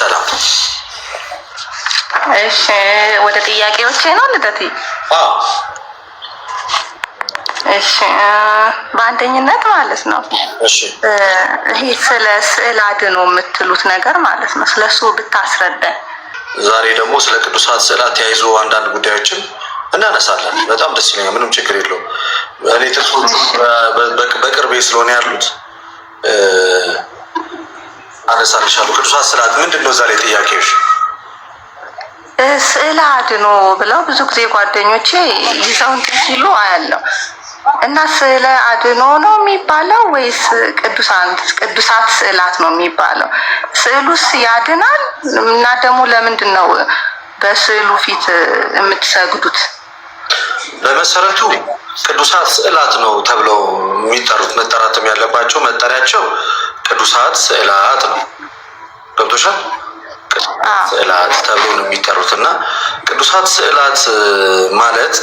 ሰላም። እሺ ወደ ጥያቄዎቼ ነው ልደቴ። እሺ በአንደኝነት ማለት ነው ይሄ ስለ ስዕል አድኖ የምትሉት ነገር ማለት ነው፣ ስለሱ ብታስረዳን። ዛሬ ደግሞ ስለ ቅዱሳት ስዕላት ተያይዞ አንዳንድ ጉዳዮችን እናነሳለን። በጣም ደስ ይለኛል። ምንም ችግር የለውም። እኔ ጥቅሶቹ በቅርቤ ስለሆነ ያሉት አነሳልሻለሁ። ቅዱሳት ስዕላት ምንድን ነው እዛ ላይ ጥያቄዎች? ስዕል አድኖ ብለው ብዙ ጊዜ ጓደኞቼ ይዘውን ሲሉ አያለው እና ስዕለ አድኖ ነው የሚባለው ወይስ ቅዱሳት ስዕላት ነው የሚባለው? ስዕሉስ ያድናል? እና ደግሞ ለምንድን ነው በስዕሉ ፊት የምትሰግዱት? በመሰረቱ ቅዱሳት ስዕላት ነው ተብለው የሚጠሩት። መጠራትም ያለባቸው መጠሪያቸው ቅዱሳት ስዕላት ነው። ገብቶሻል? ስዕላት ተብሎ ነው የሚጠሩት እና ቅዱሳት ስዕላት ማለት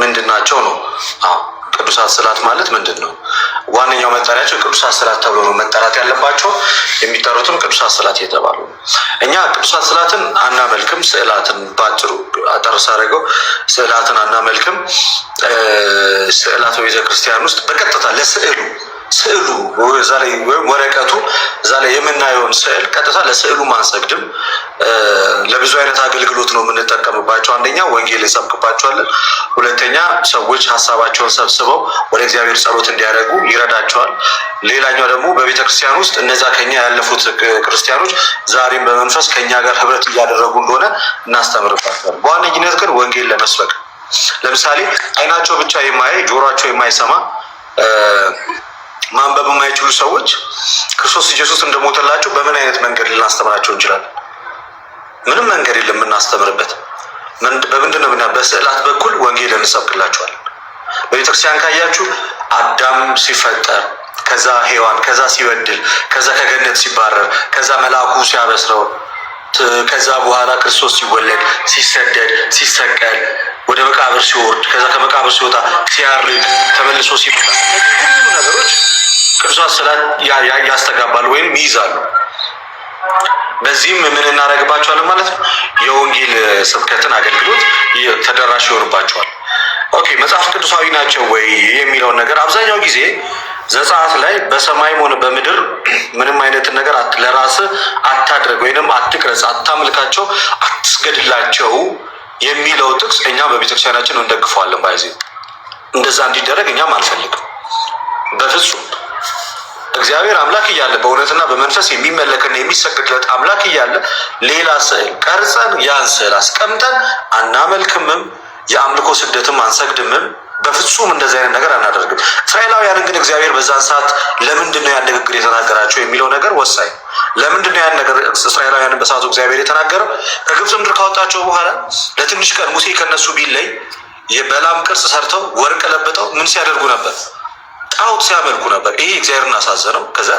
ምንድን ናቸው ነው? አዎ ቅዱሳት ስዕላት ማለት ምንድን ነው? ዋነኛው መጠሪያቸው ቅዱሳት ስዕላት ተብሎ ነው መጠራት ያለባቸው። የሚጠሩትም ቅዱሳት ስዕላት የተባሉ ነው። እኛ ቅዱሳት ስዕላትን አናመልክም። ስዕላትን በአጭሩ አጠር ሳደርገው ስዕላትን አናመልክም። ስዕላት በቤተክርስቲያን ውስጥ በቀጥታ ለስዕሉ ስዕሉ እዛ ላይ ወይም ወረቀቱ እዛ ላይ የምናየውን ስዕል ቀጥታ ለስዕሉ ማንሰግድም። ለብዙ አይነት አገልግሎት ነው የምንጠቀምባቸው። አንደኛ ወንጌል እንሰብክባቸዋለን። ሁለተኛ ሰዎች ሀሳባቸውን ሰብስበው ወደ እግዚአብሔር ጸሎት እንዲያደርጉ ይረዳቸዋል። ሌላኛው ደግሞ በቤተ ክርስቲያን ውስጥ እነዛ ከኛ ያለፉት ክርስቲያኖች ዛሬም በመንፈስ ከኛ ጋር ህብረት እያደረጉ እንደሆነ እናስተምርባቸዋል። በዋነኝነት ግን ወንጌል ለመስበክ ለምሳሌ አይናቸው ብቻ የማያይ ጆሯቸው የማይሰማ ማንበብ የማይችሉ ሰዎች ክርስቶስ ኢየሱስ እንደሞተላቸው በምን አይነት መንገድ ልናስተምራቸው እንችላለን? ምንም መንገድ የለም የምናስተምርበት። በምንድን ነው? በስዕላት በኩል ወንጌል እንሰብክላቸዋል። በቤተክርስቲያን ካያችሁ አዳም ሲፈጠር ከዛ ሔዋን ከዛ ሲበድል ከዛ ከገነት ሲባረር ከዛ መልአኩ ሲያበስረው ከዛ በኋላ ክርስቶስ ሲወለድ፣ ሲሰደድ፣ ሲሰቀል፣ ወደ መቃብር ሲወርድ፣ ከዛ ከመቃብር ሲወጣ፣ ሲያርግ፣ ተመልሶ ሲመጣ ሁሉ ነገሮች ቅዱሳት ስዕላት ያስተጋባሉ ወይም ይይዛሉ። በዚህም ምን እናደርግባቸዋለን ማለት ነው። የወንጌል ስብከትን አገልግሎት ተደራሽ ይሆንባቸዋል። ኦኬ መጽሐፍ ቅዱሳዊ ናቸው ወይ የሚለውን ነገር አብዛኛው ጊዜ ዘጸአት ላይ በሰማይም ሆነ በምድር ምንም አይነት ነገር ለራስህ አታድረግ ወይንም አትቅረጽ፣ አታምልካቸው፣ አትስገድላቸው የሚለው ጥቅስ እኛ በቤተክርስቲያናችን እንደግፈዋለን። ባይዚ እንደዛ እንዲደረግ እኛም አንፈልግም በፍጹም። እግዚአብሔር አምላክ እያለ በእውነትና በመንፈስ የሚመለክና የሚሰግድለት አምላክ እያለ ሌላ ስዕል ቀርጸን ያን ስዕል አስቀምጠን አናመልክምም፣ የአምልኮ ስግደትም አንሰግድምም። በፍጹም እንደዚህ አይነት ነገር አናደርግም። እስራኤላውያንን ግን እግዚአብሔር በዛን ሰዓት ለምንድን ነው ያን ንግግር የተናገራቸው የሚለው ነገር ወሳኝ ለምንድን ነው ያን ነገር እስራኤላውያንን በሰዓቱ እግዚአብሔር የተናገረው? ከግብፅ ምድር ካወጣቸው በኋላ ለትንሽ ቀን ሙሴ ከነሱ ቢለይ የበላም ቅርጽ ሰርተው ወርቅ ለብጠው ምን ሲያደርጉ ነበር? ጣዖት ሲያመልኩ ነበር። ይሄ እግዚአብሔርን አሳዘነው። ከዛ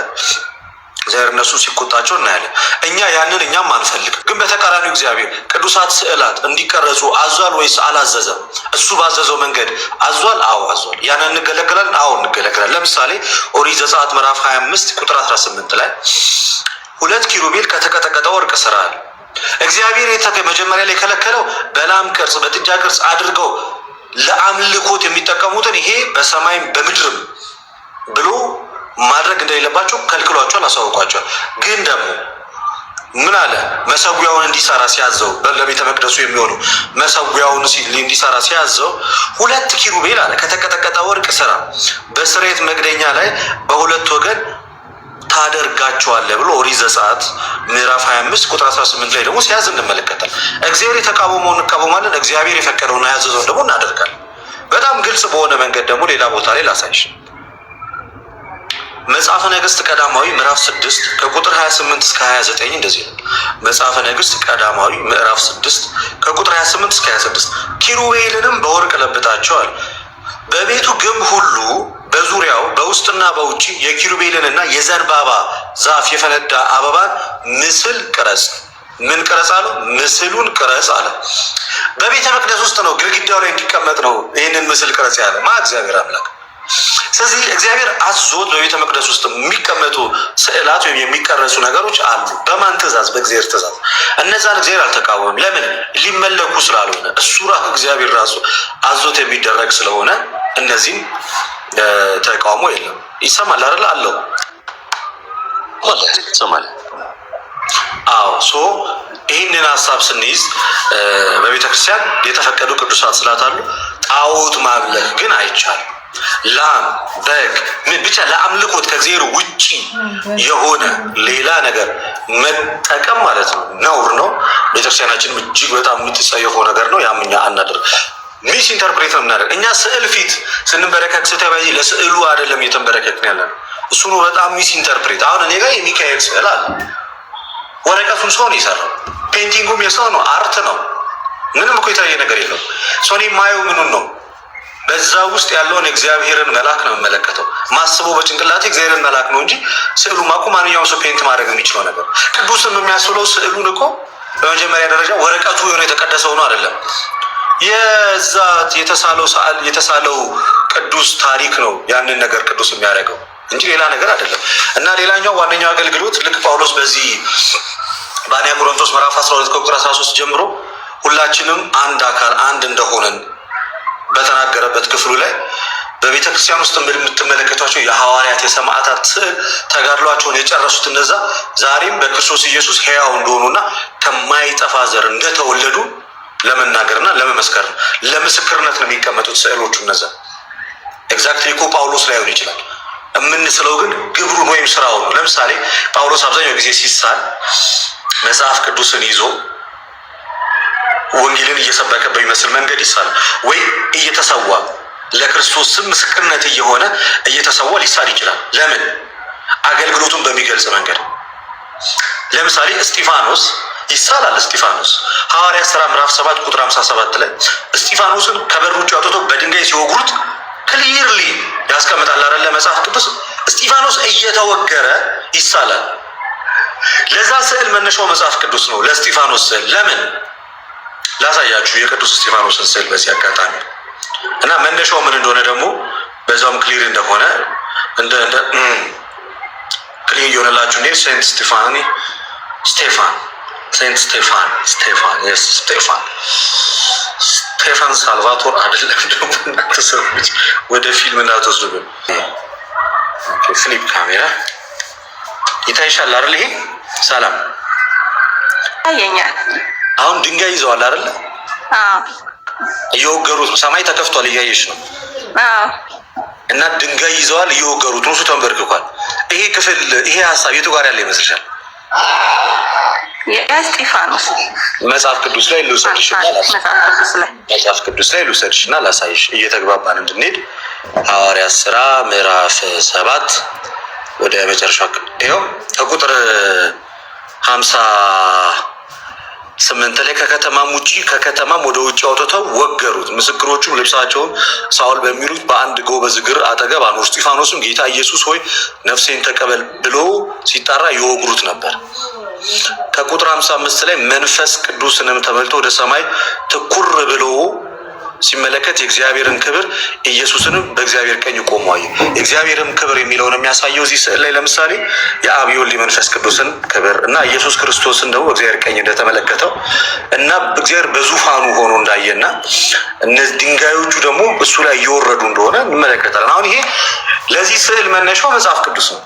እግዚአብሔር እነሱ ሲቆጣቸው እናያለን። እኛ ያንን እኛም አንፈልግም። ግን በተቃራኒው እግዚአብሔር ቅዱሳት ስዕላት እንዲቀረጹ አዟል ወይስ አላዘዘም? እሱ ባዘዘው መንገድ አዟል? አዎ አዟል። ያንን እንገለግላለን? አዎ እንገለግላለን። ለምሳሌ ኦሪት ዘጸአት ምዕራፍ 25 ቁጥር 18 ላይ ሁለት ኪሩቤል ከተቀጠቀጠ ወርቅ ስራ አለ። እግዚአብሔር መጀመሪያ ላይ የከለከለው በላም ቅርጽ በጥጃ ቅርጽ አድርገው ለአምልኮት የሚጠቀሙትን ይሄ በሰማይም በምድርም ብሎ ማድረግ እንደሌለባቸው ከልክሏቸዋል፣ አሳውቋቸዋል። ግን ደግሞ ምን አለ መሰዊያውን እንዲሰራ ሲያዘው ለቤተ መቅደሱ የሚሆነው መሰዊያውን እንዲሰራ ሲያዘው ሁለት ኪሩቤል አለ ከተቀጠቀጠ ወርቅ ስራ በስሬት መግደኛ ላይ በሁለት ወገን ታደርጋቸዋለህ ብሎ ኦሪት ዘጸአት ምዕራፍ 25 ቁጥር 18 ላይ ደግሞ ሲያዝ እንመለከታል። እግዚአብሔር የተቃወመው እንቃወማለን፣ እግዚአብሔር የፈቀደውን ያዘዘውን ደግሞ እናደርጋለን። በጣም ግልጽ በሆነ መንገድ ደግሞ ሌላ ቦታ ላይ ላሳይሽ መጽሐፈ ነገስት ቀዳማዊ ምዕራፍ 6 ከቁጥር 28 እስከ 29 እንደዚህ ነው። መጽሐፈ ነገስት ቀዳማዊ ምዕራፍ 6 ከቁጥር 28 እስከ 26 ኪሩቤልንም በወርቅ ለብጣቸዋል። በቤቱ ግንብ ሁሉ በዙሪያው በውስጥና በውጭ የኪሩቤልንና የዘንባባ ዛፍ የፈነዳ አበባን ምስል ቅረጽ። ምን ቅረጽ አለ? ምስሉን ቅረጽ አለ። በቤተ መቅደስ ውስጥ ነው፣ ግድግዳው ላይ እንዲቀመጥ ነው። ይህንን ምስል ቅረጽ ያለ ማ እግዚአብሔር አምላክ ስለዚህ እግዚአብሔር አዞት በቤተ መቅደስ ውስጥ የሚቀመጡ ስዕላት ወይም የሚቀረጹ ነገሮች አሉ። በማን ትእዛዝ? በእግዚአብሔር ትእዛዝ። እነዛን እግዚአብሔር አልተቃወምም። ለምን? ሊመለኩ ስላልሆነ እሱ ራሱ እግዚአብሔር ራሱ አዞት የሚደረግ ስለሆነ እነዚህም ተቃውሞ የለም። ይሰማል አይደል? አለው ይሰማል። አዎ ሶ ይህንን ሀሳብ ስንይዝ በቤተክርስቲያን የተፈቀዱ ቅዱሳት ስላት አሉ። ጣዖት ማምለክ ግን አይቻልም። ላም በግ ብቻ ለአምልኮት ከእግዚአብሔር ውጪ የሆነ ሌላ ነገር መጠቀም ማለት ነው፣ ነውር ነው። ቤተክርስቲያናችንም እጅግ በጣም የምትጸየፈው ነገር ነው። ያም እኛ አናደርግ ሚስ ኢንተርፕሬት ነው የምናደርግ እኛ ስዕል ፊት ስንበረከክ ስተባይ ለስዕሉ አይደለም እየተንበረከክን ያለ ነው። እሱ ነው በጣም ሚስ ኢንተርፕሬት። አሁን እኔ ጋር የሚካኤል ስዕል አለ። ወረቀቱን ሰው ነው የሰራው፣ ፔንቲንጉም የሰው ነው፣ አርት ነው። ምንም እኮ የተለየ ነገር የለው። ሰኔ ማየው ምኑን ነው በዛ ውስጥ ያለውን እግዚአብሔርን መልአክ ነው የምመለከተው። ማስበው በጭንቅላቴ እግዚአብሔርን መልአክ ነው እንጂ ስዕሉ እኮ ማንኛውም ሰው ፔንት ማድረግ የሚችለው ነገር። ቅዱስም የሚያስብለው ስዕሉን እኮ በመጀመሪያ ደረጃ ወረቀቱ የሆነ የተቀደሰው ነው አይደለም። የዛ የተሳለው ሰዓል የተሳለው ቅዱስ ታሪክ ነው ያንን ነገር ቅዱስ የሚያደርገው እንጂ ሌላ ነገር አይደለም። እና ሌላኛው ዋነኛው አገልግሎት ልክ ጳውሎስ በዚህ በአንያ ቆሮንቶስ ምዕራፍ 12 ከቁጥር 13 ጀምሮ ሁላችንም አንድ አካል አንድ እንደሆነን በተናገረበት ክፍሉ ላይ በቤተ ክርስቲያን ውስጥ የምትመለከቷቸው የሐዋርያት የሰማዕታት ስዕል ተጋድሏቸውን የጨረሱት እነዛ ዛሬም በክርስቶስ ኢየሱስ ሕያው እንደሆኑና ከማይጠፋ ዘር እንደተወለዱ ለመናገርና ለመመስከር ነው። ለምስክርነት ነው የሚቀመጡት ስዕሎቹ እነዛ። ኤግዛክት እኮ ጳውሎስ ላይሆን ይችላል የምንስለው ግን ግብሩን ወይም ስራውን ነው። ለምሳሌ ጳውሎስ አብዛኛው ጊዜ ሲሳል መጽሐፍ ቅዱስን ይዞ ወንጌልን እየሰበከ በሚመስል መንገድ ይሳል ወይ እየተሰዋ ለክርስቶስ ስም ምስክርነት እየሆነ እየተሰዋ ሊሳል ይችላል። ለምን? አገልግሎቱን በሚገልጽ መንገድ ለምሳሌ እስጢፋኖስ ይሳላል። እስጢፋኖስ ሐዋርያ ሥራ ምዕራፍ 7 ቁጥር 57 ላይ እስጢፋኖስን ከበር ውጭ አውጥቶ በድንጋይ ሲወግሩት ክሊርሊ ያስቀምጣል አይደለ? መጽሐፍ ቅዱስ እስጢፋኖስ እየተወገረ ይሳላል። ለዛ ስዕል መነሻው መጽሐፍ ቅዱስ ነው፣ ለእስጢፋኖስ ስዕል ለምን ላሳያችሁ የቅዱስ እስጢፋኖስን ስዕል በዚህ አጋጣሚ እና መነሻው ምን እንደሆነ ደግሞ በዛውም ክሊር እንደሆነ እንደ ክሊር የሆነላችሁ እንዴ ሴንት ስቴፋኒ ስቴፋን ሴንት ስቴፋን ስቴፋን ስ ስቴፋን ስቴፋን ሳልቫቶር አይደለም ደግሞ እናተሰሩች ወደ ፊልም እናተወስዱብን ፊሊፕ ካሜራ ይታይሻል አይደል ይሄ ሰላም ታየኛል አሁን ድንጋይ ይዘዋል አይደለ? እየወገሩት ነው። ሰማይ ተከፍቷል፣ እያየሽ ነው። እና ድንጋይ ይዘዋል፣ እየወገሩት ነው። ተንበርክኳል። ይሄ ክፍል ይሄ ሀሳብ የቱ ጋር ያለ ይመስልሻል? የእስጢፋኖስ መጽሐፍ ቅዱስ ላይ ልውሰድሽ መጽሐፍ ቅዱስ ላይ ልውሰድሽ እና ላሳይሽ እየተግባባን እንድንሄድ ሐዋርያ ስራ ምዕራፍ ሰባት ወደ መጨረሻ ይኸው ከቁጥር ሀምሳ ስምንት ላይ ከከተማም ውጭ ከከተማም ወደ ውጭ አውጥተው ወገሩት። ምስክሮቹም ልብሳቸውን ሳውል በሚሉት በአንድ ጎበዝ እግር አጠገብ አኖር። እስጢፋኖስም ጌታ ኢየሱስ ሆይ ነፍሴን ተቀበል ብሎ ሲጣራ ይወግሩት ነበር። ከቁጥር 55 ላይ መንፈስ ቅዱስንም ተመልቶ ወደ ሰማይ ትኩር ብሎ ሲመለከት የእግዚአብሔርን ክብር ኢየሱስንም በእግዚአብሔር ቀኝ ቆሞ አየ። የእግዚአብሔርም ክብር የሚለውን የሚያሳየው እዚህ ስዕል ላይ ለምሳሌ የአብ የወልድ ቅዱስን ክብር እና ኢየሱስ ክርስቶስን ደግሞ በእግዚአብሔር ቀኝ እንደተመለከተው እና እግዚአብሔር በዙፋኑ ሆኖ እንዳየና እነዚህ ድንጋዮቹ ደግሞ እሱ ላይ እየወረዱ እንደሆነ ይመለከታል። አሁን ይሄ ለዚህ ስዕል መነሻው መጽሐፍ ቅዱስ ነው።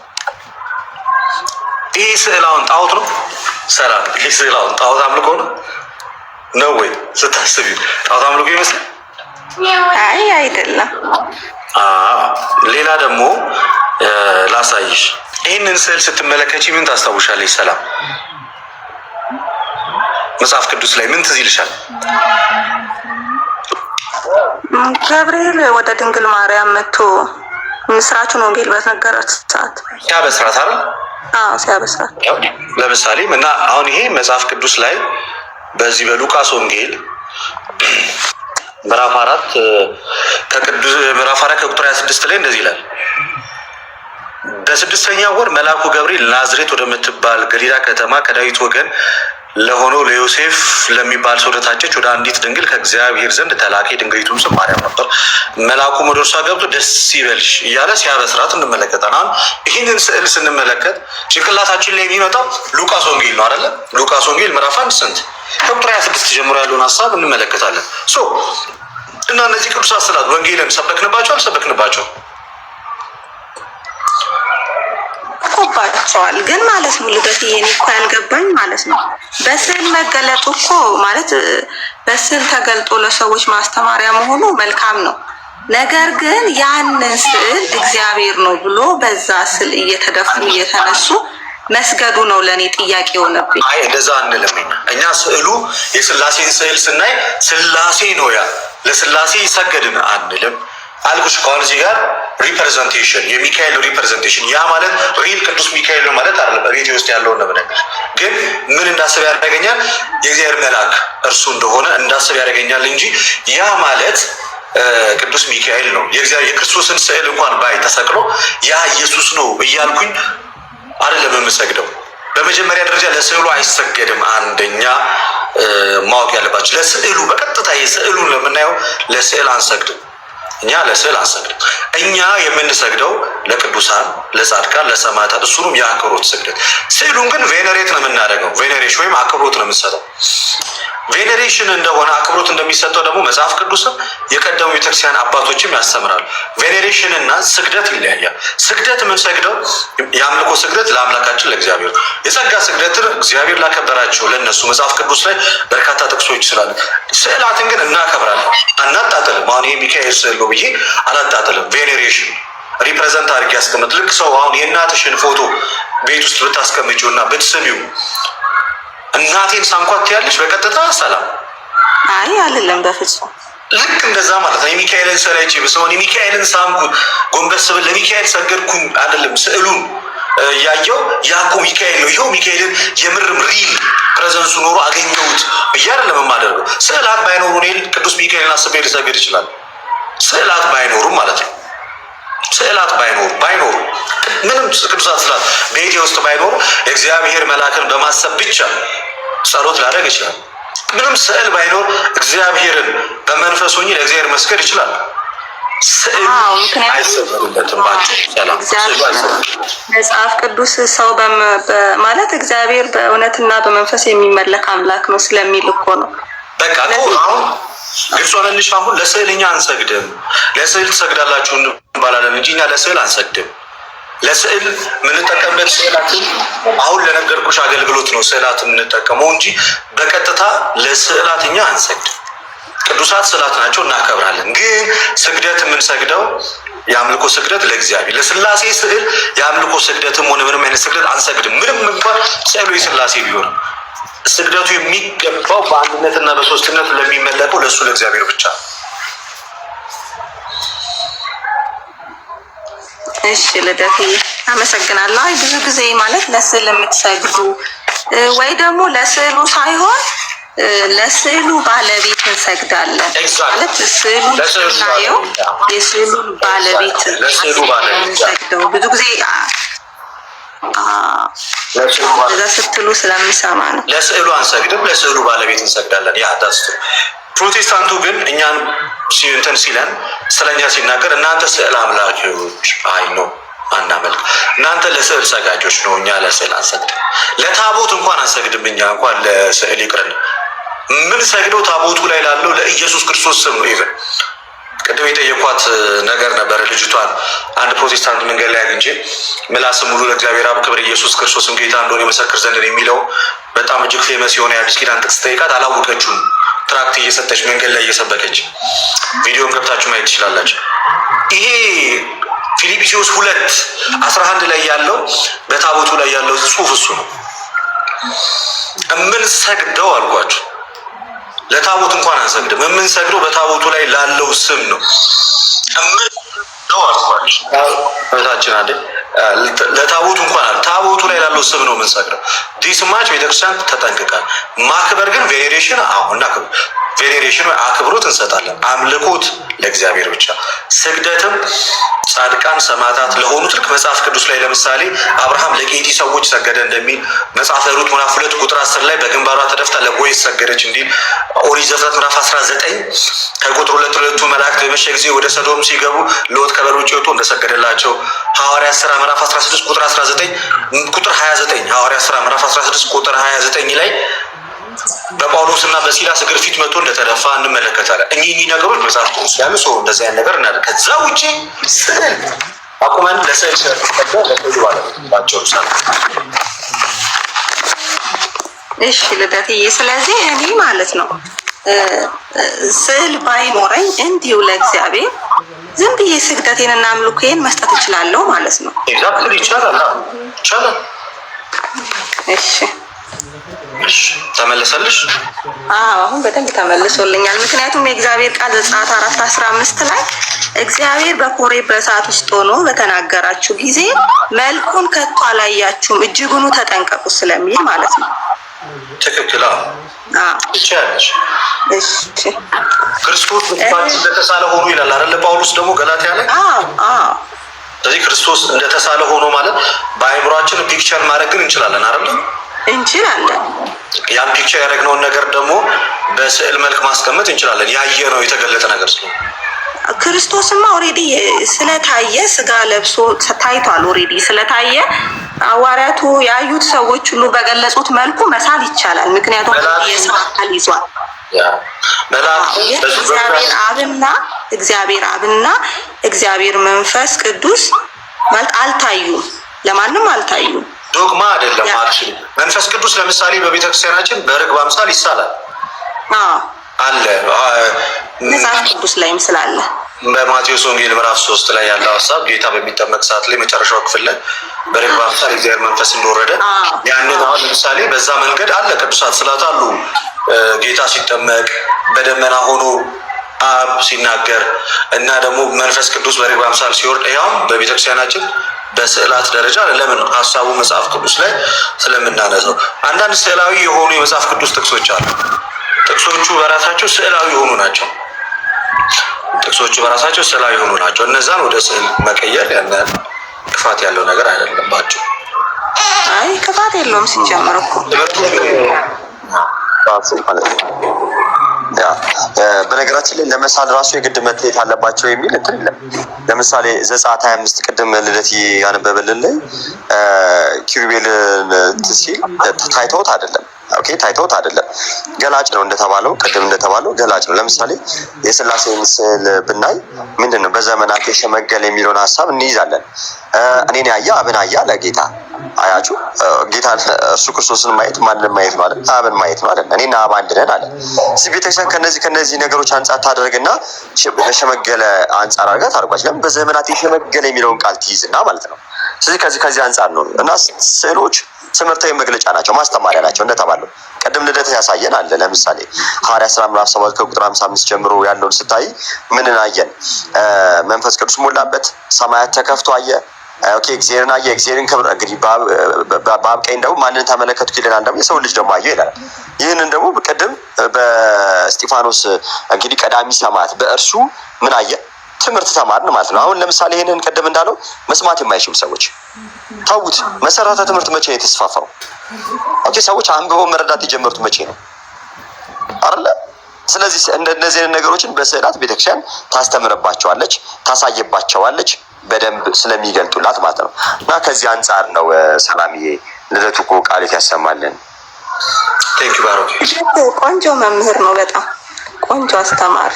ይሄ ስዕል አሁን ጣዖት ነው። ሰላም፣ ይህ ስዕል አሁን ጣዖት አምልኮ ነው ነው ወይ ስታስቢ ጣዖት አምልኮ ይመስላል። አይ አይደለም። ሌላ ደግሞ ላሳይሽ። ይህንን ስዕል ስትመለከቺ ምን ታስታውሻለሽ? ሰላም መጽሐፍ ቅዱስ ላይ ምን ትዝ ይልሻል? ገብርኤል ወደ ድንግል ማርያም መጥቶ ምስራችን ወንጌል በነገራት ሰዓት ሲያበስራት አለ አዎ ሲያበስራት። ለምሳሌ እና አሁን ይሄ መጽሐፍ ቅዱስ ላይ በዚህ በሉቃስ ወንጌል ምዕራፍ አራት ከቅዱስ ምዕራፍ አራት ከቁጥር ሀያ ስድስት ላይ እንደዚህ ይላል። በስድስተኛ ወር መልአኩ ገብርኤል ናዝሬት ወደምትባል ገሊላ ከተማ ከዳዊት ወገን ለሆነው ለዮሴፍ ለሚባል ሰው ወደታጨች ወደ አንዲት ድንግል ከእግዚአብሔር ዘንድ ተላከ። ድንግሊቱም ስም ማርያም ነበር። መልአኩም ወደ እርሷ ገብቶ ደስ ይበልሽ እያለ ሲያበስራት እንመለከታለን። ይህንን ስዕል ስንመለከት ጭንቅላታችን ላይ የሚመጣው ሉቃስ ወንጌል ነው አይደለ? ሉቃስ ወንጌል ምዕራፍ አንድ ስንት ከቁጥር ስድስት ጀምሮ ያለውን ሀሳብ እንመለከታለን። ሶ እና እነዚህ ቅዱስ አስራት ወንጌልን ሰበክንባቸው አልሰበክንባቸው ባቸዋል ግን ማለት ነው። ልደት የኔ እኮ ያልገባኝ ማለት ነው በስዕል መገለጡ እኮ ማለት በስዕል ተገልጦ ለሰዎች ማስተማሪያ መሆኑ መልካም ነው። ነገር ግን ያንን ስዕል እግዚአብሔር ነው ብሎ በዛ ስዕል እየተደፉ እየተነሱ መስገዱ ነው ለእኔ ጥያቄ የሆነብኝ። አይ እንደዛ አንልም እኛ እኛ ስዕሉ የስላሴን ስዕል ስናይ ስላሴ ነው ያ ለስላሴ ይሰገድን አንልም። አልኩሽ ከሆነ እዚህ ጋር ሪፕሬዘንቴሽን የሚካኤል ሪፕሬዘንቴሽን ያ ማለት ሪል ቅዱስ ሚካኤል ማለት አለ ሬዲዮ ውስጥ ያለውን ነው ግን ምን እንዳስብ ያደረገኛል የእግዚአብሔር መልአክ እርሱ እንደሆነ እንዳስብ ያደረገኛል እንጂ ያ ማለት ቅዱስ ሚካኤል ነው። የእግዚአብሔር የክርስቶስን ስዕል እንኳን ባይ ተሰቅሎ ያ ኢየሱስ ነው እያልኩኝ አይደለም የምሰግደው። በመጀመሪያ ደረጃ ለስዕሉ አይሰገድም። አንደኛ ማወቅ ያለባቸው ለስዕሉ በቀጥታ የስዕሉን ለምናየው ለስዕል አንሰግድም። እኛ ለስዕል አንሰግድም። እኛ የምንሰግደው ለቅዱሳን፣ ለጻድቃን፣ ለሰማዕታት እሱንም የአክብሮት ስግደት። ስዕሉን ግን ቬኔሬት ነው የምናደርገው። ቬኔሬሽን ወይም አክብሮት ነው የምንሰጠው። ቬኔሬሽን እንደሆነ አክብሮት እንደሚሰጠው ደግሞ መጽሐፍ ቅዱስም የቀደሙ ቤተክርስቲያን አባቶችም ያስተምራሉ። ቬኔሬሽን እና ስግደት ይለያያል። ስግደት የምንሰግደው የአምልኮ ስግደት ለአምላካችን ለእግዚአብሔር፣ የጸጋ ስግደት እግዚአብሔር ላከበራቸው ለእነሱ መጽሐፍ ቅዱስ ላይ በርካታ ጥቅሶች ስላሉ፣ ስዕላትን ግን እናከብራለን፣ አናጣጥልም። አሁን ይህ ሚካኤል ስዕል ነው ብዬ አላጣጥልም። ቬኔሬሽን ሪፕሬዘንት አድርጌ ያስቀምጥ። ልክ ሰው አሁን የእናትሽን ፎቶ ቤት ውስጥ ብታስቀምጪው እና ብትስሚው እናቴን ሳንኳት ያለች በቀጥታ ሰላም። አይ አይደለም፣ በፍጹም ልክ እንደዛ ማለት ነው። የሚካኤልን ስራ ይች ብሰሆን የሚካኤልን ሳምኩ ጎንበስ ብል ለሚካኤል ሰገድኩም አይደለም። ስዕሉን ያየው ያቁ ሚካኤል ነው። ይኸው ሚካኤልን የምርም ሪል ፕሬዘንሱ ኖሮ አገኘሁት ብዬ አይደለም ስዕላት ባይኖሩ ኔል ቅዱስ ሚካኤልን አስቤ ሊሰገድ ይችላል። ስዕላት ባይኖሩ ማለት ነው። ስዕላት ባይኖሩ ባይኖሩ ምንም ቅዱሳት ስላት ቤቴ ውስጥ ባይኖሩ እግዚአብሔር መልአክን በማሰብ ብቻ ጸሎት ላደርግ ይችላል። ምንም ስዕል ባይኖር እግዚአብሔርን በመንፈስ ሆኜ ለእግዚአብሔር መስገድ ይችላል። መጽሐፍ ቅዱስ ሰው ማለት እግዚአብሔር በእውነትና በመንፈስ የሚመለክ አምላክ ነው ስለሚል እኮ ነው። በቃ አሁን ግልጽ ሆነልሽ። አሁን ለስዕል እኛ አንሰግድም። ለስዕል ትሰግዳላችሁ እንባላለን እንጂ እኛ ለስዕል አንሰግድም። ለስዕል የምንጠቀምበት ስዕላትን አሁን ለነገርኩሽ አገልግሎት ነው ስዕላት የምንጠቀመው እንጂ በቀጥታ ለስዕላት እኛ አንሰግድም። ቅዱሳት ስዕላት ናቸው እናከብራለን። ግን ስግደት የምንሰግደው የአምልኮ ስግደት ለእግዚአብሔር ለስላሴ ስዕል የአምልኮ ስግደትም ሆነ ምንም አይነት ስግደት አንሰግድም። ምንም እንኳን ስዕሉ የስላሴ ቢሆንም ስግደቱ የሚገባው በአንድነትና በሶስትነት ለሚመለከው ለእሱ ለእግዚአብሔር ብቻ ነው። እሺ ልደቴ አመሰግናለሁ። አይ ብዙ ጊዜ ማለት ለስዕል የምትሰግዱ ወይ ደግሞ ለስዕሉ ሳይሆን ለስዕሉ ባለቤት እንሰግዳለን ማለት ስዕሉ ስናየው የስዕሉን ባለቤት እንሰግደው ብዙ ጊዜ እዛ ስትሉ ስለምሰማ ነው። ለስዕሉ አንሰግድም፣ ለስዕሉ ባለቤት እንሰግዳለን። ያ ፕሮቴስታንቱ ግን እኛን እንትን ሲለን ስለኛ ሲናገር እናንተ ስዕል አምላኪዎች አይ ነው አናመልክ እናንተ ለስዕል ሰጋጆች ነው፣ እኛ ለስዕል አንሰግድም። ለታቦት እንኳን አንሰግድም፣ እኛ እንኳን ለስዕል ይቅርን። ምን ሰግደው ታቦቱ ላይ ላለው ለኢየሱስ ክርስቶስ ስም ነው። ይዘን ቅድም የጠየኳት ነገር ነበር ልጅቷን አንድ ፕሮቴስታንት መንገድ ላይ አግኝቼ ምላስ ሙሉ ለእግዚአብሔር አብ ክብር ኢየሱስ ክርስቶስም ጌታ እንደሆነ የመሰክር ዘንድን የሚለው በጣም እጅግ ፌመስ የሆነ የአዲስ ኪዳን ጥቅስ ጠይቃት አላወቀችውም። ትራክት እየሰጠች መንገድ ላይ እየሰበከች ቪዲዮን ገብታችሁ ማየት ትችላላችሁ። ይሄ ፊልጵስዩስ ሁለት አስራ አንድ ላይ ያለው በታቦቱ ላይ ያለው ጽሁፍ እሱ ነው። እምንሰግደው አልኳችሁ ለታቦት እንኳን አንሰግድም። የምንሰግደው በታቦቱ ላይ ላለው ስም ነው። እምንሰግደው አልኳችሁ ታችን አለ ለታቦቱ እንኳን ታቦቱ ላይ ላለው ስም ነው የምንሰግደው። ዲስማች ቤተክርስቲያን ተጠንቅቃል። ማክበር ግን ቬኔሬሽን አሁን ቬኔሬሽን አክብሮት እንሰጣለን። አምልኮት ለእግዚአብሔር ብቻ፣ ስግደትም ጻድቃን ሰማዕታት ለሆኑት ልክ መጽሐፍ ቅዱስ ላይ ለምሳሌ አብርሃም ለጌቲ ሰዎች ሰገደ እንደሚል መጽሐፈ ሩት ምዕራፍ ሁለት ቁጥር አስር ላይ በግንባሯ ተደፍታ ለጎይ ሰገደች እንዲል ኦሪት ዘፍጥረት ምዕራፍ አስራ ዘጠኝ ከቁጥር ሁለት ሁለቱ በመሸ ጊዜ ወደ ሰዶም ሲገቡ ሎት ከበር ውጭ ወጥቶ እንደሰገደላቸው ሐዋርያ ስራ ምዕራፍ 16 ቁጥር 19 ቁጥር 29 ሐዋርያ ስራ ምዕራፍ 16 ቁጥር 29 ላይ በጳውሎስ እና በሲላስ እግር ፊት መቶ እንደተደፋ እንመለከታለን። እኚህ እኚህ ነገሮች መጽሐፍ ቅዱስ ያሉ ሰው እንደዚህ አይነት ነገር እናደርግ። ከዛ ውጭ ስል አቁመን ለስዕል ሰር ባለባቸው ሳ እሺ ልደትዬ፣ ስለዚህ እኔ ማለት ነው ስዕል ባይኖረኝ እንዲሁ ለእግዚአብሔር ዝም ብዬ ስግደቴንና አምልኮዬን መስጠት እችላለሁ ማለት ነው። እሺ ተመለሰልሽ? አዎ አሁን በደንብ ተመልሶልኛል። ምክንያቱም የእግዚአብሔር ቃል ዘጸአት አራት አስራ አምስት ላይ እግዚአብሔር በኮሬ በእሳት ውስጥ ሆኖ በተናገራችሁ ጊዜ መልኩን ከቶ አላያችሁም እጅጉኑ ተጠንቀቁ ስለሚል ማለት ነው። ትክክል ይቻለች ክርስቶስ በልባችን እንደተሳለ ሆኖ ይላል አይደለ? ጳውሎስ ደግሞ ገላትያ ላይ። ስለዚህ ክርስቶስ እንደተሳለ ሆኖ ማለት በአይምሯችን ፒክቸር ማድረግ ግን እንችላለን አይደለ? እንችላለን። ያን ፒክቸር ያደረግነውን ነገር ደግሞ በስዕል መልክ ማስቀመጥ እንችላለን፣ ያየነው የተገለጠ ነገር ስለሆነ ክርስቶስማ ኦሬዲ ስለታየ ስጋ ለብሶ ታይቷል። ኦሬዲ ስለታየ ሐዋርያቱ ያዩት ሰዎች ሁሉ በገለጹት መልኩ መሳል ይቻላል። ምክንያቱም የሰው አካል ይዟል። እግዚአብሔር አብና እግዚአብሔር አብና እግዚአብሔር መንፈስ ቅዱስ አልታዩም፣ ለማንም አልታዩም። ዶግማ አይደለም። መንፈስ ቅዱስ ለምሳሌ በቤተክርስቲያናችን በርግብ አምሳል ይሳላል። አለ መጽሐፍ ቅዱስ ላይም ስላለ በማቴዎስ ወንጌል ምዕራፍ ሶስት ላይ ያለው ሀሳብ ጌታ በሚጠመቅ ሰዓት ላይ መጨረሻው ክፍል ላይ በርግብ አምሳል እግዚአብሔር መንፈስ እንደወረደ ያንን አሁን ለምሳሌ በዛ መንገድ አለ ቅዱሳት ስላት አሉ። ጌታ ሲጠመቅ በደመና ሆኖ አብ ሲናገር እና ደግሞ መንፈስ ቅዱስ በርግብ አምሳል ሲወርድ ያውም በቤተክርስቲያናችን በስዕላት ደረጃ ለምን ሀሳቡ መጽሐፍ ቅዱስ ላይ ስለምናነሳው አንዳንድ ስዕላዊ የሆኑ የመጽሐፍ ቅዱስ ጥቅሶች አሉ። ጥቅሶቹ በራሳቸው ስዕላዊ የሆኑ ናቸው። ጥቅሶቹ በራሳቸው ስዕላዊ የሆኑ ናቸው። እነዛን ወደ ስዕል መቀየር ያለ ክፋት ያለው ነገር አይደለባቸው። አይ ክፋት የለውም ሲጀምር እኮ በነገራችን ላይ ለመሳል ራሱ የግድ መታየት አለባቸው የሚል እንትን የለም። ለምሳሌ ዘጸአት ሀያ አምስት ቅድም ልደት ያነበበልን ላይ ኪሩቤልን ሲል ታይተውት አይደለም ኦኬ ታይቶት አይደለም፣ ገላጭ ነው እንደተባለው ቅድም እንደተባለው ገላጭ ነው። ለምሳሌ የስላሴ ምስል ብናይ ምንድን ነው በዘመናት የሸመገለ የሚለውን ሀሳብ እንይዛለን። እኔን ያየ አብን አየ አለ ጌታ። አያችሁ ጌታ እርሱ ክርስቶስን ማየት ማንን ማየት ማለት አብን ማየት ነው አለ። እኔና አብ አንድ ነን አለ። እዚህ ቤተክርስቲያን ከነዚህ ከነዚህ ነገሮች አንጻር ታደርግና በሸመገለ አንጻር አድርጋ ታደርጓች። ለምን በዘመናት የሸመገለ የሚለውን ቃል ትይዝና ማለት ነው። ስለዚህ ከዚህ ከዚህ አንጻር ነው እና ስዕሎች ትምህርታዊ መግለጫ ናቸው፣ ማስተማሪያ ናቸው እንደተባለው። ቅድም ልደት ያሳየን አለ። ለምሳሌ ሐዋርያት ስራ ምዕራፍ ሰባት ከቁጥር ሀምሳ አምስት ጀምሮ ያለውን ስታይ ምንን አየን? መንፈስ ቅዱስ ሞላበት፣ ሰማያት ተከፍቶ አየ። ኦኬ እግዚአብሔርን አየ። እግዚአብሔርን ክብር እንግዲህ በአብ ቀኝ ደግሞ ማንን ተመለከቱ ይለናል። ደግሞ የሰው ልጅ ደግሞ አየ ይላል። ይህንን ደግሞ ቅድም በእስጢፋኖስ እንግዲህ ቀዳሚ ሰማዕት በእርሱ ምን አየን ትምህርት ተማርን ማለት ነው። አሁን ለምሳሌ ይሄንን ቀደም እንዳለው መስማት የማይችሉ ሰዎች ታውት መሰረተ ትምህርት መቼ ነው የተስፋፋው? ኦኬ ሰዎች አንብበው መረዳት የጀመሩት መቼ ነው አረለ ስለዚህ እንደነዚህ ነገሮችን በስዕላት ቤተክርስቲያን ታስተምርባቸዋለች፣ ታሳየባቸዋለች በደንብ ስለሚገልጡላት ማለት ነው። እና ከዚህ አንጻር ነው ሰላምዬ ልደቱ እኮ ቃሌት ያሰማልን። ቆንጆ መምህር ነው፣ በጣም ቆንጆ አስተማሪ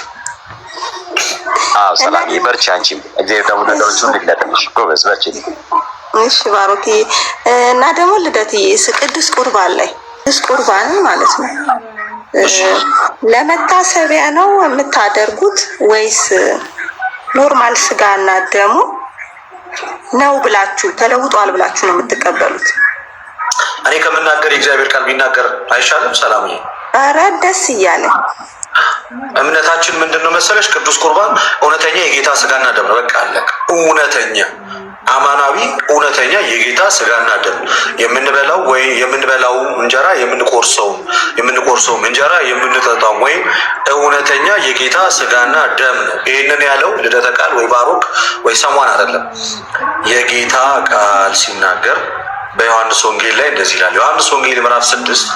አዎ ሰላም በርቺ። አንቺም እግዚአብሔር ደግሞ ነገሮች ሁሉ ጎበዝ በርቺ። እሺ ባሮክዬ እና ደግሞ ልደትዬ ቅዱስ ቁርባን ላይ ቅዱስ ቁርባንን ማለት ነው ለመታሰቢያ ነው የምታደርጉት ወይስ ኖርማል ስጋ እና ደሙ ነው ብላችሁ ተለውጧል ብላችሁ ነው የምትቀበሉት? እኔ ከምናገር የእግዚአብሔር ቃል ቢናገር አይሻልም? ሰላም ኧረ ደስ እያለ እምነታችን ምንድን ነው መሰለሽ? ቅዱስ ቁርባን እውነተኛ የጌታ ስጋና ደም ነው። በቃ አለቅ። እውነተኛ አማናዊ እውነተኛ የጌታ ስጋና ደም የምንበላው ወይ የምንበላው እንጀራ የምንቆርሰው የምንቆርሰውም እንጀራ የምንጠጣው ወይም እውነተኛ የጌታ ስጋና ደም ነው። ይህንን ያለው ልደተ ቃል ወይ ባሮክ ወይ ሰሟን አይደለም። የጌታ ቃል ሲናገር በዮሐንስ ወንጌል ላይ እንደዚህ ይላል። ዮሐንስ ወንጌል ምዕራፍ ስድስት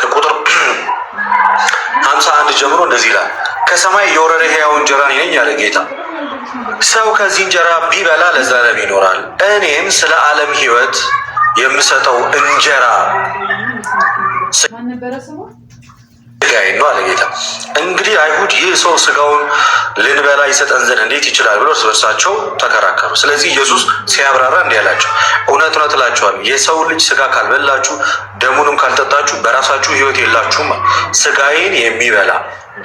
ከቁጥር ሀምሳ አንድ ጀምሮ እንደዚህ ይላል ከሰማይ የወረደ ሕያው እንጀራ እኔ ነኝ ያለ ጌታ። ሰው ከዚህ እንጀራ ቢበላ ለዘላለም ይኖራል። እኔም ስለ ዓለም ሕይወት የምሰጠው እንጀራ ጋይን ነው አለ ጌታ። እንግዲህ አይሁድ ይህ ሰው ስጋውን ልንበላ ይሰጠን ዘንድ እንዴት ይችላል ብሎ እርስ በርሳቸው ተከራከሩ። ስለዚህ ኢየሱስ ሲያብራራ እንዲህ ያላቸው፣ እውነት እውነት እላችኋለሁ የሰው ልጅ ስጋ ካልበላችሁ ደሙንም ካልጠጣችሁ በራሳችሁ ሕይወት የላችሁም። ስጋዬን የሚበላ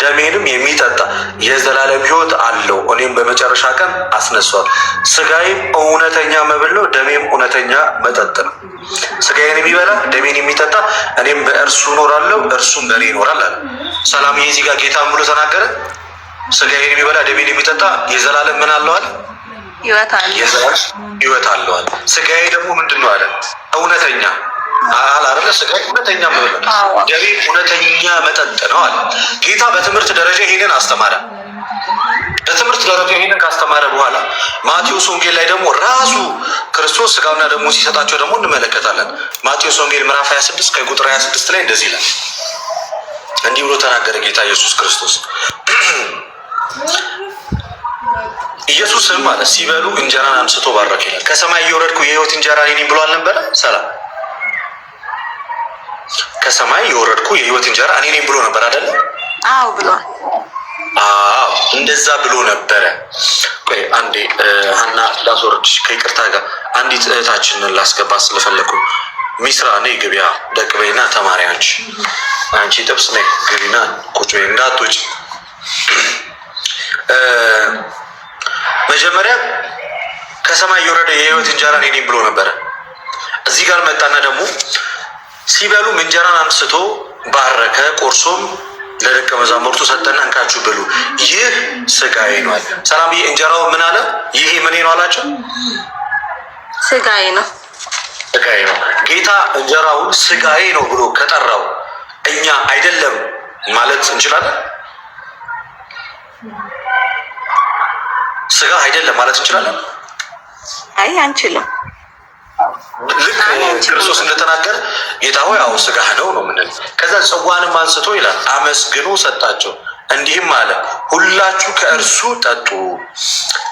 ደሜንም የሚጠጣ የዘላለም ህይወት አለው፣ እኔም በመጨረሻ ቀን አስነሷል። ስጋዬም እውነተኛ መብል ነው፣ ደሜም እውነተኛ መጠጥ ነው። ስጋዬን የሚበላ ደሜን የሚጠጣ እኔም በእርሱ እኖራለሁ፣ እርሱም በእኔ ይኖራል አለ። ሰላም ይህ ዚጋ ጌታን ብሎ ተናገረ። ስጋዬን የሚበላ ደሜን የሚጠጣ የዘላለም ምን አለዋል? ህይወት አለዋል። ስጋዬ ደግሞ ምንድን ነው አለ? እውነተኛ አል ስጋ እውነተኛ መበለት ደቤ እውነተኛ መጠጥ ነው አለ ጌታ። በትምህርት ደረጃ ይሄንን አስተማረ። በትምህርት ደረጃ ይሄንን ካስተማረ በኋላ ማቴዎስ ወንጌል ላይ ደግሞ ራሱ ክርስቶስ ስጋውና ደግሞ ሲሰጣቸው ደግሞ እንመለከታለን። ማቴዎስ ወንጌል ምዕራፍ 26 ከቁጥር 26 ላይ እንደዚህ ይላል። እንዲህ ብሎ ተናገረ ጌታ ኢየሱስ ክርስቶስ። ኢየሱስም ማለት ሲበሉ እንጀራን አንስቶ ባረከ ይላል። ከሰማይ እየወረድኩ የህይወት እንጀራ እኔ ነኝ ብሎ አልነበረ ሰላም ከሰማይ የወረድኩ የህይወት እንጀራ እኔ ነኝ ብሎ ነበር አደለ? አዎ ብሏል። አዎ እንደዛ ብሎ ነበረ። ቆይ አንዴ ሀና ላስወርድ ከይቅርታ ጋር አንዲት እህታችንን ላስገባ ስለፈለግኩ ሚስራ እኔ ግቢያ ደቅ በይና ተማሪ ነች። አንቺ ጥብስ ነ ግቢና ቁጭ በይ እንዳትወጪ። መጀመሪያ ከሰማይ የወረደ የህይወት እንጀራ እኔ ነኝ ብሎ ነበረ። እዚህ ጋር መጣና ደግሞ ሲበሉም እንጀራን አንስቶ ባረከ፣ ቆርሶም ለደቀ መዛሙርቱ ሰጠና እንካችሁ ብሉ፣ ይህ ስጋዬ ነው አለ። ሰላም እንጀራው ምን አለ? ይሄ ምን ነው አላቸው? ስጋዬ ነው፣ ስጋዬ ነው። ጌታ እንጀራውን ስጋዬ ነው ብሎ ከጠራው እኛ አይደለም ማለት እንችላለን? ስጋ አይደለም ማለት እንችላለን? አይ አንችልም። ክርስቶስ እንደተናገር ጌታ ሆይ አሁን ስጋህ ነው ነው ምንል። ከዛ ጽዋንም አንስቶ ይላል አመስግኖ ሰጣቸው፣ እንዲህም አለ ሁላችሁ ከእርሱ ጠጡ።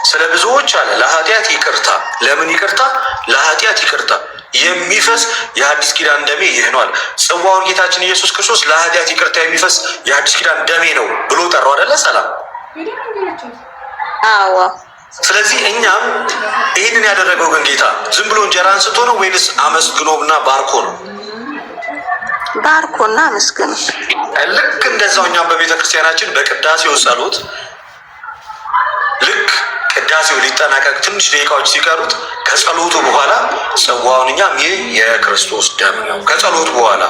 ስለ ብዙዎች አለ ለኃጢአት ይቅርታ። ለምን ይቅርታ? ለኃጢአት ይቅርታ የሚፈስ የአዲስ ኪዳን ደሜ ይህ ነው አለ። ጽዋውን ጌታችን ኢየሱስ ክርስቶስ ለኃጢአት ይቅርታ የሚፈስ የአዲስ ኪዳን ደሜ ነው ብሎ ጠራው አደለ? ሰላም ስለዚህ እኛም ይህንን ያደረገው ግን ጌታ ዝም ብሎ እንጀራ አንስቶ ነው ወይንስ አመስግኖና ባርኮ ነው? ባርኮና አመስግኖ። ልክ እንደዛው እኛም በቤተ ክርስቲያናችን በቅዳሴው ጸሎት ልክ ቅዳሴው ሊጠናቀቅ ትንሽ ደቂቃዎች ሲቀሩት ከጸሎቱ በኋላ ጽዋውን እኛም ይህ የክርስቶስ ደም ነው፣ ከጸሎቱ በኋላ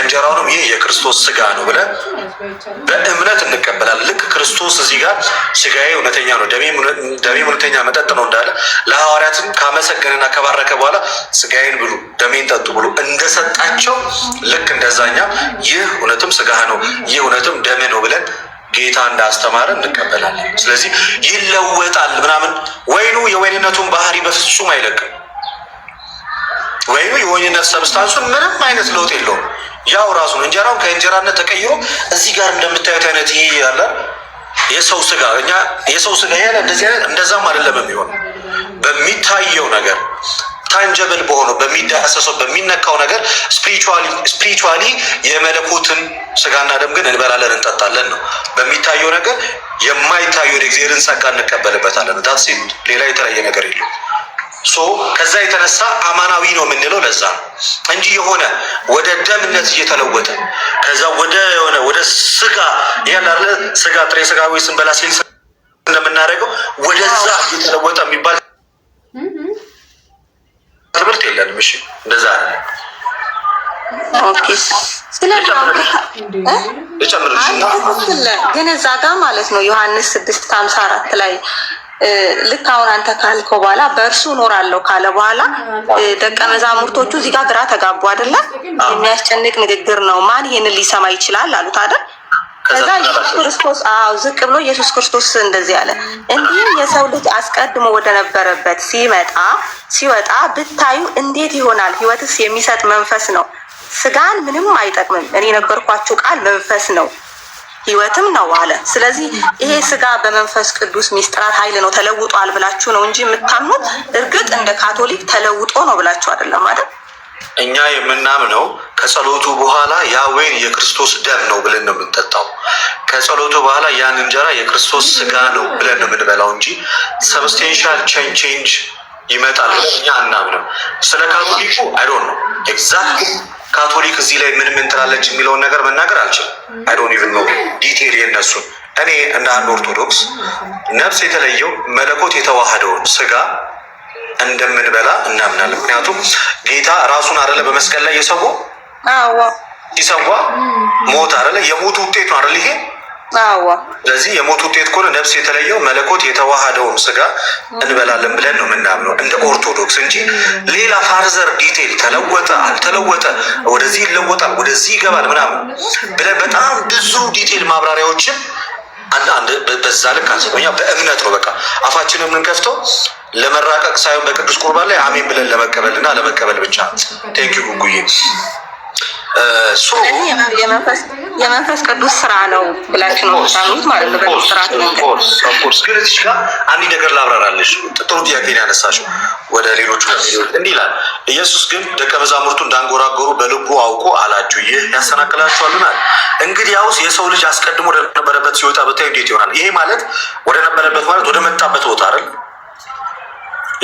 እንጀራውንም ይህ የክርስቶስ ስጋ ነው ብለን በእምነት እንቀበላለን። ልክ ክርስቶስ እዚህ ጋር ስጋዬ እውነተኛ ነው፣ ደሜ እውነተኛ መጠጥ ነው እንዳለ ለሐዋርያትም ካመሰገነና ከባረከ በኋላ ስጋዬን ብሉ፣ ደሜን ጠጡ ብሎ እንደሰጣቸው ልክ እንደዛኛ ይህ እውነትም ስጋህ ነው፣ ይህ እውነትም ደሜ ነው ብለን ጌታ እንዳስተማረ እንቀበላለን። ስለዚህ ይለወጣል ምናምን ወይኑ የወይንነቱን ባህሪ በፍጹም አይለቅም። ወይኑ የወይንነት ሰብስታንሱን ምንም አይነት ለውጥ የለውም። ያው ራሱ ነው። እንጀራውን ከእንጀራነት ተቀይሮ እዚህ ጋር እንደምታዩት አይነት ይሄ ያለ የሰው ስጋ እኛ የሰው ስጋ ያለ እንደዚህ አይነት እንደዛም አይደለም የሚሆን በሚታየው ነገር ታንጀብል በሆነው በሚዳሰሰው በሚነካው ነገር ስፒሪቹዋሊ የመለኮትን ስጋና ደም ግን እንበላለን እንጠጣለን ነው። በሚታየው ነገር የማይታየው የእግዚአብሔርን ጸጋ እንቀበልበታለን። ዳትስ ሌላ የተለየ ነገር የለውም። ሶ ከዛ የተነሳ አማናዊ ነው የምንለው ለዛ ነው እንጂ የሆነ ወደ ደምነት እየተለወጠ ከዛ ወደ የሆነ ወደ ስጋ ያላለ ስጋ ጥሬ ስጋ ወይ ስንበላ ሲል እንደምናደርገው ወደዛ እየተለወጠ የሚባል ትምህርት የለንም። እሺ እንደዛ አለ። ግን እዛ ጋ ማለት ነው ዮሐንስ ስድስት ሀምሳ አራት ላይ ልክ አሁን አንተ ካልከው በኋላ በእርሱ እኖራለሁ ካለ በኋላ ደቀ መዛሙርቶቹ እዚህ ጋር ግራ ተጋቡ አይደለም። የሚያስጨንቅ ንግግር ነው። ማን ይሄንን ሊሰማ ይችላል አሉት አይደል? ከዛ ኢየሱስ ክርስቶስ አዎ ዝቅ ብሎ ኢየሱስ ክርስቶስ እንደዚህ አለ፣ እንዲህ የሰው ልጅ አስቀድሞ ወደ ነበረበት ሲመጣ ሲወጣ ብታዩ እንዴት ይሆናል? ህይወትስ የሚሰጥ መንፈስ ነው፣ ስጋን ምንም አይጠቅምም። እኔ የነገርኳችሁ ቃል መንፈስ ነው ህይወትም ነው አለ። ስለዚህ ይሄ ስጋ በመንፈስ ቅዱስ ሚስጥራት ኃይል ነው ተለውጧል ብላችሁ ነው እንጂ የምታምኑት። እርግጥ እንደ ካቶሊክ ተለውጦ ነው ብላችሁ አይደለም ማለት እኛ የምናምነው ከጸሎቱ በኋላ ወይን የክርስቶስ ደም ነው ብለን ነው የምንጠጣው። ከጸሎቱ በኋላ ያን እንጀራ የክርስቶስ ስጋ ነው ብለን ነው የምንበላው እንጂ ሰብስቴንሻል ቼንጅ ይመጣል እኛ አናምንም። ስለ ካቶሊኩ አይዶን ነው ኤግዛክት ካቶሊክ እዚህ ላይ ምን ምን ትላለች የሚለውን ነገር መናገር አልችልም። አይዶን ኢቭን ነው ዲቴል የነሱን እኔ እንደ አንድ ኦርቶዶክስ ነፍስ የተለየው መለኮት የተዋህደውን ስጋ እንደምንበላ እናምናለን። ምክንያቱም ጌታ ራሱን አደለ በመስቀል ላይ የሰዋ ሲሰዋ ሞት አደለ የሞት ውጤት ነው አደለ ይሄ ስለዚህ የሞት ውጤት ኮን ነፍስ የተለየው መለኮት የተዋሃደውን ስጋ እንበላለን ብለን ነው የምናምነው እንደ ኦርቶዶክስ እንጂ ሌላ ፋርዘር ዲቴል ተለወጠ አልተለወጠ፣ ወደዚህ ይለወጣል፣ ወደዚህ ይገባል ምናምን ብለን በጣም ብዙ ዲቴል ማብራሪያዎችን አንድ በዛ ልክ አንስቶኛ በእምነት ነው በቃ አፋችን የምንከፍተው ለመራቀቅ ሳይሆን በቅዱስ ቁርባን ላይ አሜን ብለን ለመቀበል እና ለመቀበል ብቻ። ቴንኪ ጉጉዬ። የመንፈስ ቅዱስ ስራ ነው ብላችሁ ነው ማለት ነው። ኦፍኮርስ። ግን እዚህ ጋር አንድ ነገር ላብራራለሽ። ጥሩ ጥያቄ ነው ያነሳሽው። ወደ ሌሎቹ እንዲህ ይላል፣ ኢየሱስ ግን ደቀ መዛሙርቱ እንዳንጎራጎሩ በልቡ አውቆ አላችሁ፣ ይህ እንግዲህ ያውስ የሰው ልጅ አስቀድሞ ወደነበረበት ሲወጣ ብታዩ እንዴት ይሆናል? ይሄ ማለት ወደነበረበት ማለት ወደ መጣበት ቦታ አይደል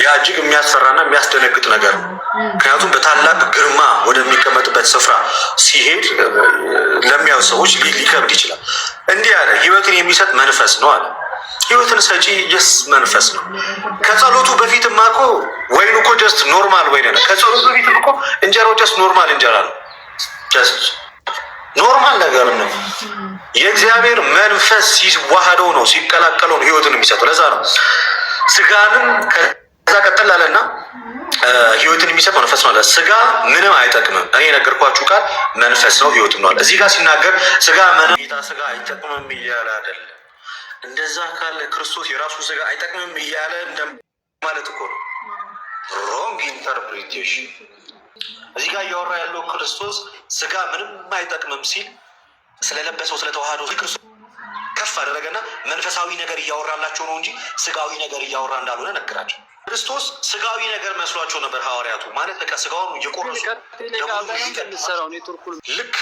ያ እጅግ የሚያስፈራና የሚያስደነግጥ ነገር ነው። ምክንያቱም በታላቅ ግርማ ወደሚቀመጥበት ስፍራ ሲሄድ ለሚያዩ ሰዎች ሊከብድ ይችላል። እንዲህ ያለ ህይወትን የሚሰጥ መንፈስ ነው አለ። ህይወትን ሰጪ የስ መንፈስ ነው። ከጸሎቱ በፊትማ እኮ ወይኑ እኮ ጀስት ኖርማል ወይን ነው። ከጸሎቱ በፊት እኮ እንጀራው ጀስት ኖርማል እንጀራ ነው። ጀስት ኖርማል ነገር ነው። የእግዚአብሔር መንፈስ ሲዋህደው ነው ሲቀላቀለው ነው ህይወትን የሚሰጠው። ለዛ ነው ስጋንም ከዛ ቀጠል አለና ህይወትን የሚሰጥ መንፈስ ነው አለ። ስጋ ምንም አይጠቅምም፣ እኔ የነገርኳችሁ ቃል መንፈስ ነው ህይወትም ነው አለ። እዚህ ጋር ሲናገር ስጋ ምንም ስጋ አይጠቅምም እያለ አይደለም። እንደዛ ካለ ክርስቶስ የራሱ ስጋ አይጠቅምም እያለ ማለት እኮ ነው። ሮንግ ኢንተርፕሪቴሽን። እዚህ ጋር እያወራ ያለው ክርስቶስ ስጋ ምንም አይጠቅምም ሲል ስለለበሰው ስለተዋህዶ ክርስቶስ ከፍ አደረገና መንፈሳዊ ነገር እያወራላቸው ነው እንጂ ስጋዊ ነገር እያወራ እንዳልሆነ ነገራቸው። ክርስቶስ ስጋዊ ነገር መስሏቸው ነበር ሐዋርያቱ ማለት በቃ ስጋውን እየቆረሱ ልክ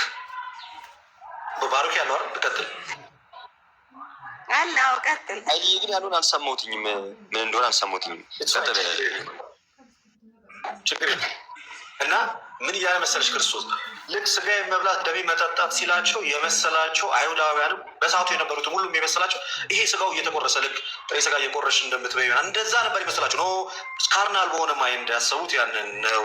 በባሮክ ያለው አይደል ቀጥል አይ ግን ያሉን አልሰማሁትኝም ምን እንደሆነ አልሰማሁትኝም ችግር እና ምን እያለ መሰለች ክርስቶስ ልክ ስጋ መብላት ደሜ መጠጣት ሲላቸው የመሰላቸው አይሁዳውያንም በሰዓቱ የነበሩትም ሁሉም የመሰላቸው ይሄ ስጋው እየተቆረሰ ልክ ጥሬ ስጋ እየቆረሽ እንደምትበይ እንደዛ ነበር ይመስላቸው ኖ ካርናል በሆነ ማይ እንዳያሰቡት ያንን ነው።